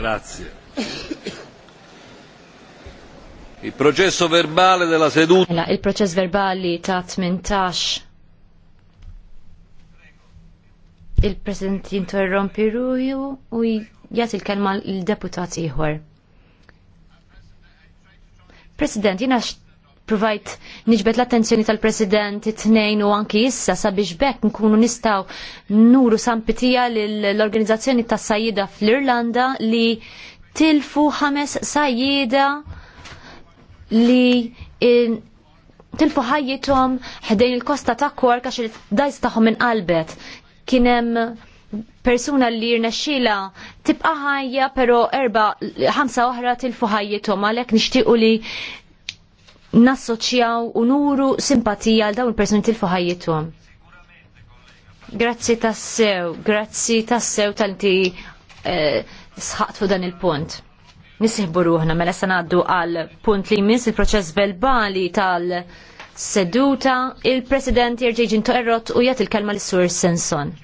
Grazie. Il processo verbale della seduta. Mela, il processo verbali ta' 18. Il-President jinterrompi ruju u jgħat il-kelma l deputati ieħor. President, jina provajt niġbet l-attenzjoni tal-President it-tnejn u anki issa sabiex bekk nkunu nistaw nuru sampitija l-organizzazzjoni ta' sajjida fl-Irlanda li tilfu ħames sajjida li tilfu ħajjithom ħdejn il-kosta ta' Kork għax il-dajs minn inqalbet. Kienem persuna li jirnexxila tibqa' ħajja pero erba' ħamsa oħra tilfu ħajjithom għalhekk nixtiequ li nassoċjaw u nuru simpatija għal dawn il-persuni tilfu ħajjithom. Grazzi tassew, grazzi tassew tal ti eh, sħaqt fuq dan il-punt. Nisihbu ruħna mela se ngħaddu għal punt li jmiss il-proċess verbali tal- seduta, il-President jirġiġin toqerrot u jgħat il-kelma l-Sur Senson.